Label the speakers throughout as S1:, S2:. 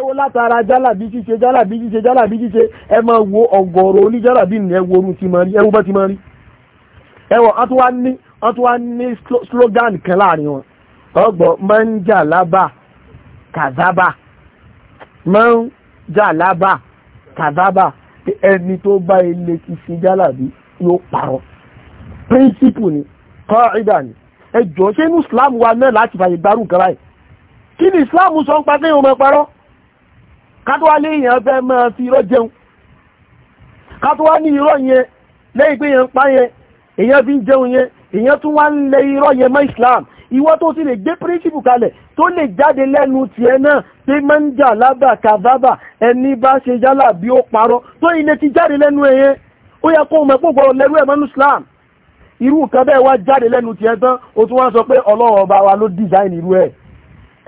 S1: ẹwọ látara jálàbí ṣíṣe jálàbí ṣíṣe jálàbí ṣíṣe ẹ máa wo ọ̀gọ̀rọ̀ oníjálàbí ní ẹwọ orú ti máa rí ẹwọ bá ti máa rí ẹwọ ọtúwá ní slogan kan láàrin wọn ọgbọ̀ máa ń jà lábà kàzábà máa ń jà lábà kàzábà ẹni tó bá ilé ti ṣe jálàbí yóò parọ́ píríncípù ni kọ́ ìdà ni ẹjọ́ ṣé inú Islam wa náà láti fàyè gbárùn kan báyìí kí ni Islam sọ ń pa pé máa parọ́ kátówá lé èèyàn fẹ́ máa fi irọ́ jẹun kátówá ní irọ́ yẹn lẹ́yìn pé yẹn ń pa yẹn èèyàn fi ń jẹun yẹn èèyàn tún wá ń lẹ irọ́ yẹn mọ́ Islam ìwọ tó sì lè gbé príncipù kalẹ̀ tó lè jáde lẹ́nu tiẹ̀ náà pé máa ń jà lábà kàbábà ẹni bá ṣe yálà bí ó parọ́ tó ilé ti jáde lẹ́nu ẹ̀yẹn ó yẹ kó mọ̀ pọ̀ gbọ́rọ̀ lẹ́rú ẹ̀mọ́nú Islam irú nǹkan bẹ́ẹ̀ wá jáde lẹ́nu tiẹ̀ tán ó tún wá sọ pé Ọlọ́run ọba wa ló dìsáìn irú ẹ̀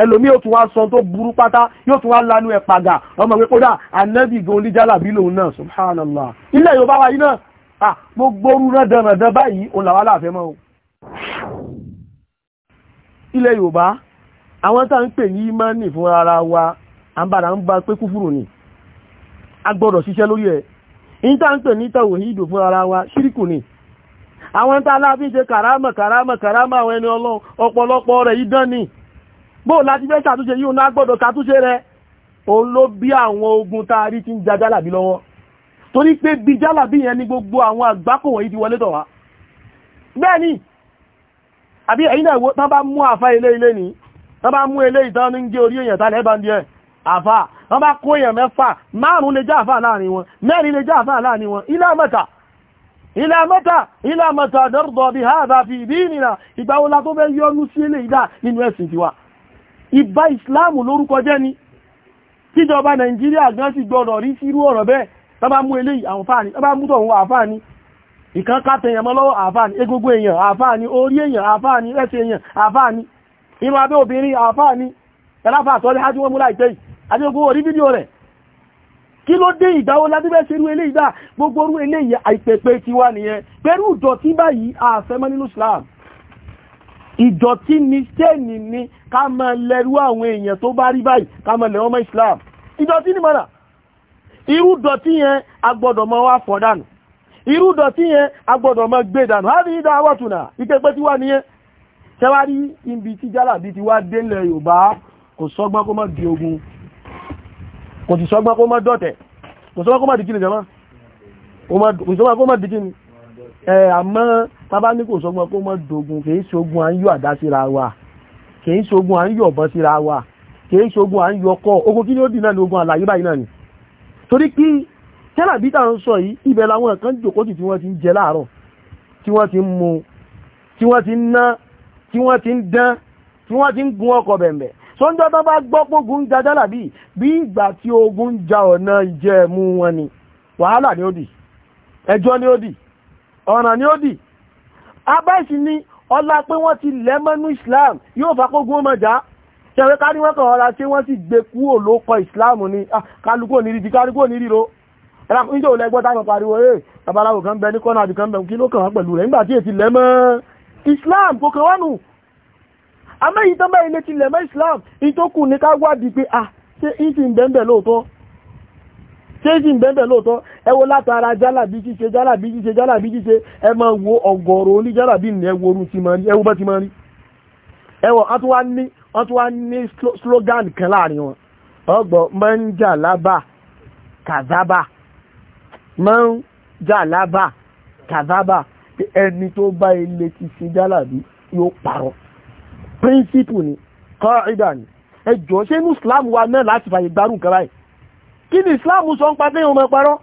S1: ẹlòmí yóò tún wá sọ tó burú pátá yóò tún wá lanu ẹ̀ pàgà ọmọ pé kódà ànábì gan oníjàlá bí lòun náà subhanallah ilẹ̀ yorùbá wa yìí náà gbogbo orú náà dandan báyìí òun làwọn aláàfẹ́ mọ́ o ilẹ̀ yorùbá àwọn tá ń pè ní imani fún ara wa àbára ń bá pé kúfùrù ni a gbọ́dọ̀ ṣiṣẹ́ lórí ẹ̀ in tá ń pè ní tàwíhídù fún ara wa ṣíríkù ni àwọn tá láàfin ṣe kàrámà kàrámà kàrámà àwọn ẹni ọlọ́ ọ̀pọ̀lọpọ̀ rẹ̀ idán ni bó láti fẹ́ ṣàtúnṣe yíò náà gbọ́dọ̀ ṣàtúnṣe rẹ̀ òun ló bí àwọn ogun tá a rí ti ń ja jálàbí lọ́wọ́ torí pé bí jálàbí yẹn ni gbogbo àwọn àgbákò wọ̀nyí ti wọlé tọ̀ wá bẹ́ẹ̀ ni àbí ẹ̀yìn náà tán bá mú àfá ilé ilé ní tán bá mú ilé ìtàn ní gé orí èèyàn tálẹ̀ bá ń díẹ̀ àfá tán bá kó èèyàn mẹ́fà márùn-ún lè já àfá láàrin wọn mẹ́rin lè mẹ́ta ilé mẹ́ta dọ́rọ̀dọ̀ bí háàbá fi ìdí ìnira ìgbà la tó fẹ́ yọ́nú sí ilé ìdá nínú ẹ̀sìn tiwa ìbá ìsìláàmù lórúkọ jẹ́ ni tíjọba nàìjíríà gan sì gbọ́dọ̀ rí sírú ọ̀rọ̀ bẹ́ẹ̀ tó bá mú eléyìí àǹfààní tó bá mú tọ̀hún àǹfààní ìkan kátẹ̀yàn mọ́ lọ́wọ́ àǹfààní egungun èèyàn àǹfààní orí èèyàn àǹfààní ẹsẹ̀ èèyàn àǹfààní inú abẹ́ obìnrin àǹfààní ẹláfà àtọ́lẹ́ á tí wọ́n mú láìpẹ́ yìí àti ogun orí fídíò rẹ̀ kí ló dé ìdáwó ládúbẹ́ sí irú eléyìí dá gbogbo orú eléyìí àìpẹ̀pẹ̀ ti wá nìyẹn pẹ̀lú ìdọ̀tí báyìí àfẹ́mọ́ nínú Islam ìdọ̀tí ni sẹ́ẹ̀nì ni ká mọ lẹ́rú àwọn èèyàn tó bá rí báyìí ká mọ lẹ́wọ́n mọ́ Islam ìdọ̀tí ni mọ́nà irú dọ̀tí yẹn agbọ́dọ̀ mọ́ wá fọ̀ dànù irú dọ̀tí yẹn agbọ́dọ̀ mọ́ gbé dànù á rí ìdá àwọ̀tùnà ìkẹ́pẹ́ tí wà nìyẹn tẹ́wárí ibi tí jálàbí ti wá délẹ̀ Yorùbá kò sọ́gbọ́n kó mọ́ di ogun kò sì sọ́gbọ́n kó mọ́ dọ̀tẹ̀ kò sọ́gbọ́n kó mọ́ di àmọ́ tábá ní kò sọ́gbọ́n kó mọ́ dogun kì ṣogun à àdásíra wa kìí ṣogun à ń yọ ọ̀bọ̀n síra wa kìí ṣogun à ń yọ ọkọ̀ ogun kí ni ó dì náà ni ogun àlàyé báyìí náà ni torí kí tẹ́lá bí táwọn sọ yìí ibẹ̀ làwọn kan jòkótì tí wọ́n ti ń jẹ láàárọ̀ tí wọ́n ti ń mu tí wọ́n ti ń ná tí wọ́n ti ń dán tí wọ́n ti ń gun ọkọ̀ bẹ̀m̀bẹ̀ sọ́njọ́ tó bá gbọ́ pógun ń ja dálà bí bí ìgbà tí ogun ń ja ọ̀nà ìjẹ̀mú wọn ni wàhálà ni ó dì ẹjọ́ ni ó dì ọ̀ràn ni ó dì abẹ́sì ni ọlá pé wọ́n ti lẹ́mọ́nú islam yóò fàkógún ọmọ jà ṣẹ̀rẹ́ ká ní wọ́n kàn ọ̀rá tí wọ́n sì gbé kúrò ló kọ islam ni ah, kálukú ní ríjí kálukú ní ríro níjẹ́ òun lẹ́gbọ́n táwọn pariwo ẹ̀ eh, babaláwo kan bẹ ní kọ́nà àbí kan bẹ kí ló kàn wọ́n pẹ̀lú rẹ̀ nígbà tí èsì lẹ́mọ́ islam kò kàn wọ́n nù amẹ́yìí tán báyìí lè ti lẹ̀mọ́ islam ìtókù ní ká wádìí pé ah ṣé ìsìn bẹ́ẹ̀ bẹ́ẹ̀ lóòótọ́ ṣéjì ń bẹ́ẹ̀ lóòótọ́ ẹ wo látara jálàbí ṣíṣe jálàbí ṣíṣe jálàbí ṣíṣe ẹ máa wo ọgọ́rùn oní jálàbí ní ẹ worú ti máa rí ẹ bá ti máa rí ẹ wọ ní slogan kan láàrin wọn ọgbọ̀ máa ń jà lábà kàzábà máa ń jà lábà kàzábà ẹni tó bá ilé ti ṣe jálàbí yóò parọ́ príncípù ni kọ́ ìdà ni ẹjọ́ ṣé ní Islam wa náà láti fàyè gbárùn kan báyìí kí ni islam sọ ń pàtẹ́ ìhun mẹ́parọ́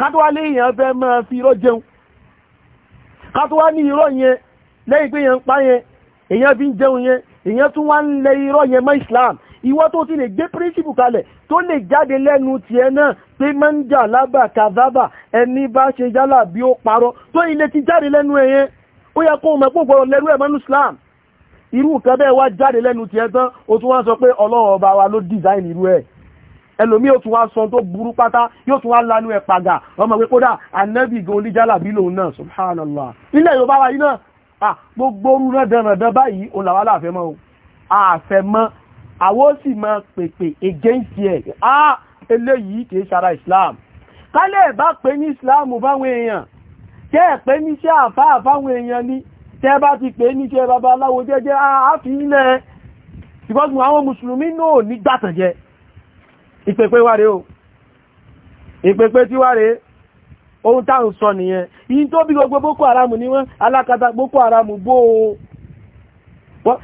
S1: kátówá lé èèyàn fẹ́ máa fi irọ́ jẹun kátówá ní irọ́ yẹn lẹ́yìn pé èèyàn pa yẹn èèyàn fi ń jẹun yẹn èèyàn tún wá ń lẹ irọ́ yẹn mọ́ islam ìwọ tó ti lè gbé príncipù kalẹ̀ tó lè jáde lẹ́nu tiẹ̀ náà pé máa ń jà lábà kàzábà ẹni bá ṣe yálà bí ó parọ́ tó ilé ti jáde lẹ́nu ẹ̀yẹn ó yẹ kó mọ̀ pé gbọ́dọ̀ lẹ́rú ẹ̀ islam irú nǹkan bẹ́ẹ̀ wá jáde lẹ́nu tiẹ̀ tán ó tún wá sọ pé ọlọ́run ọba wa ló dìzáìn irú ẹ̀ ẹlòmí yóò tún wá sọ tó burú pátá yóò tún wá lánú ẹ̀ pàgà ọmọ pé kódà anẹ́bì gan oníjálà bí lòun náà subhanallah ilẹ̀ yóò bá wa iná gbogbo orú náà dandan báyìí òun làwọn aláàfẹ́ mọ́ àfẹ́ mọ́ àwọ́ sì mọ́ pèpè against ẹ̀ á eléyìí kìí ṣara islam kálẹ̀ bá pé islam báwọn èèyàn tẹ́ ẹ̀ pé ní sí ni tẹ́ bá ti pé ní sí ẹ babaláwo jẹ́jẹ́ á fi ilẹ̀ ṣùgbọ́n àwọn mùsùlùmí ìpèpè wà rẹ̀ o ìpèpè tí wà rẹ̀ ohun táwọn sọ nìyẹn yìí tó bí gbogbo boko haram ní wọ́n alákatà boko haram bó o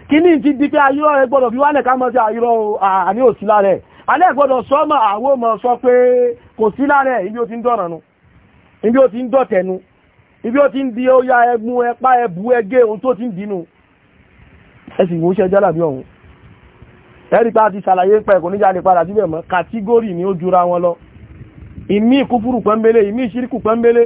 S1: kìíní ti di pé ayúrọ̀ rẹ̀ gbọ́dọ̀ fi wálẹ̀ ká mọ́ sí ayúrọ̀ àní ò sí lára ẹ̀ alẹ́ gbọ́dọ̀ sọ mọ́ àwọn ọmọ sọ pé kò sí lára ẹ̀ ibi ó ti ń dọ̀nà nu ibi ó ti ń dọ̀tẹ̀nu ibi ó ti ń di óyá ẹgbun ẹpá ẹbú ẹgé ohun tó ti ń dínú ẹ sì wọ́n jálàbí ọ̀hún ẹ̀rí tá a ti ṣàlàyé pẹ̀ kò níjà lè padà síbẹ̀ mọ́ kàtígórì ni ó jura wọn lọ ìmí kúfúrù pẹ́ńbélé ìmí ṣíríkù pẹ́ńbélé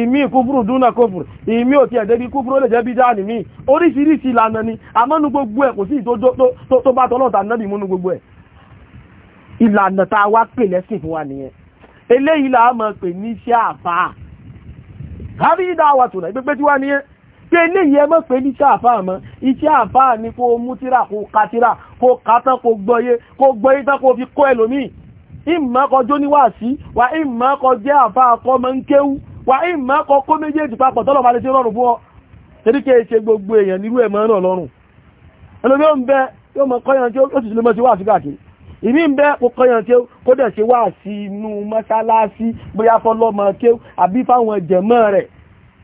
S1: ìmí kúfúrù dúnà kófùrù ìmí òtí ẹ̀dẹ́ bí kúfúrù lè jẹ́ bí dáàni mí oríṣiríṣi ìlànà ni àmọ́nu gbogbo ẹ̀ kò sí tó bá tọ́lọ́ta náàbì múnú gbogbo ẹ̀ ìlànà pé eléyìí ẹ mọ́ pé níṣẹ́ àfáà mọ́ iṣẹ́ àfáà ni kó mú tíra kó ka tíra kó ka tán kó gbọ́yé kó gbọ́yé tán kó fi kọ́ ẹlòmíì ìmọ̀ kọ jó ní wàásí wà ìmọ̀ kọ jẹ́ àfáà kọ́ mọ́ ń kéwú wà ìmọ̀ kọ kó méjèèjì papọ̀ tọ́lọ̀ bá lè ṣe rọrùn fún ọ ẹlòmí ìmí ń bẹ́ kò kọyàn tí kó dẹ̀ ṣe wàásí inú mọ́ṣáláṣí bóyá fọ́lọ́mọ kéwú àbí fáwọn jẹ̀mọ́ rẹ̀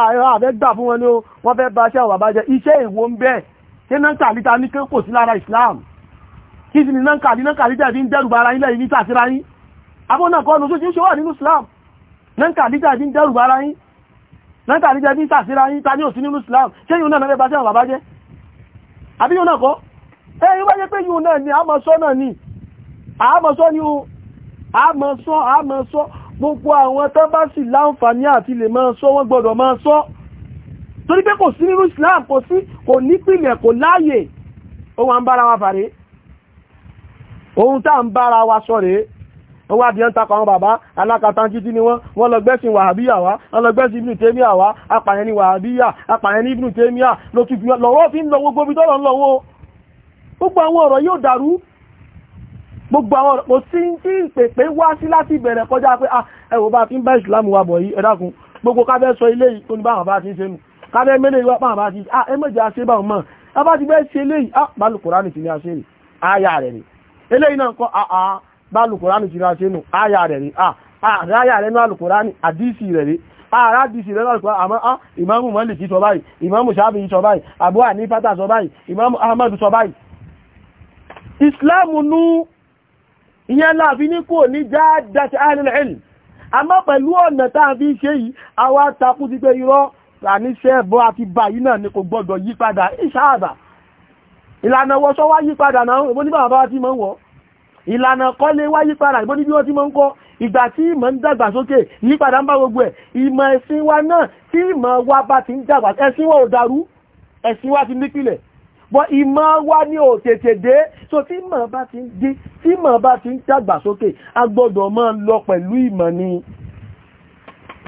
S1: àfẹ́ gbà fún wọn ni o. wọ́n fẹ́ bá ṣẹ́wà bá jẹ iṣẹ́ ìwò ń bẹ́ẹ̀ ṣe náà Islam kí sí ni náà kàlí náà kàlítà fi ń dẹ́rùbà ara yín lẹ́yìn ní tàṣírá yín abọ́ náà kọ́ lóṣooṣi ṣe wà nínú Islam náà kàlítà fi ń dẹ́rùbà ara yín náà kàlítà fi ń tàṣírá yín ta ní òsí ni àmọ́ sọ náà ni àmọ́ sọ gbogbo àwọn tó bá sì láǹfààní àti lè máa sọ wọ́n gbọ́dọ̀ máa sọ torí pé kò sí nínú Islam kò sí kò nípìnlẹ̀ kò láàyè ó wà ń bára wa fàrí ohun tá ń bára wa sọ rèé ó wá bí ẹ́ ń takọ̀ àwọn bàbá alákatáńtítí ni wọ́n wọ́n lọ gbẹ́sìn wàhábíyà wá wọ́n lọ gbẹ́sìn ibnu tèmíà wá apàyẹn ni wàhábíyà apàyẹn ni ibnu tèmíà lọ́wọ́ fi ń lọ gbogbo bí tọ́lọ́ ń lọ́wọ́ gbogbo àwọn ọ̀rọ̀ yóò dàrú gbogbo àwọn ọ̀pọ̀ tí ń tí ìpèpè wá sí láti ìbẹ̀rẹ̀ kọjá pé ah, ẹwọ bá fi ń bá ìsìlámù wa bọ̀ yìí ẹ dákun gbogbo kábẹ́ sọ ilé yìí tó ní báwọn bá ti ń ṣe nù kábẹ́ mẹ́lẹ̀ ìwà pàwọn bá ah ẹ mọ̀jẹ̀ àṣẹ báwọn mọ̀ ẹ bá ti bẹ́ẹ̀ ah bálù kùránì ti ní àṣẹ rè áyà rẹ̀ rè eléyìí ah, ah bálù kùránì ti ah, ah àráyà rẹ̀ náà lùkùránì àdísì rẹ̀ rè àrádìsì rẹ̀ lọ́rùkọ́ àmọ́ á ìmáàmù Málíkì sọ báyìí ìmáàmù Ṣáfi'í sọ báyìí Abu Hanifa sọ báyìí ìmáàmù Ahmadu sọ báyìí Ìsìláàmù nú ìyẹn láàfin ní kò ní jáàdáṣẹ́ àìrìnlẹ̀ àmọ́ pẹ̀lú ọ̀nà táà fi ṣe yìí àwa takú ti pé irọ́ àníṣẹ́ ẹbọ àti báyìí náà ni kò gbọdọ̀ yípadà ìṣáàbà ìlànà wọṣọ wá yípadà náà ìbóní bá bá ti mọ́ ń wọ́ ìlànà kọ́lé wá yípadà ìbóní bí wọ́n ti mọ́ ń kọ́ ìgbà tí ìmọ̀ ń dàgbà sókè yípadà ń bá gbogbo ẹ̀ ìmọ̀ ẹ̀sìn wa náà tí ìmọ̀ wa bá ti ń bọ́ ìmọ̀ wá ní ò so tí mọ̀ bá ti ń dé tí mọ̀ bá ti ń dàgbàsókè a gbọ́dọ̀ máa lọ pẹ̀lú ìmọ̀ ni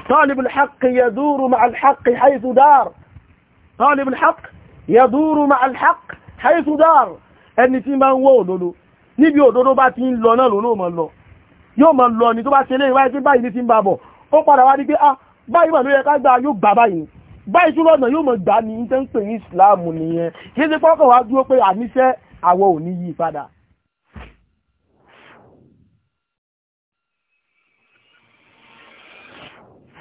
S1: talibul haqq yaduru ma'al haqq haythu dar talibul haqq yaduru ma'al haqq haythu dar ẹni tí máa ń wọ́ òdodo níbi òdodo bá ti ń lọ náà lónà mọ̀ lọ yóò mọ̀ lọ ni tó bá ṣe lé ìwáyé tí báyìí tó lọ́nà yóò mọ̀ gbà ni tẹ́ ń pè ní ìsìláàmù nìyẹn kí é ṣe pọ́kọ̀ wá dúró pé àníṣẹ́ àwọn ò yí padà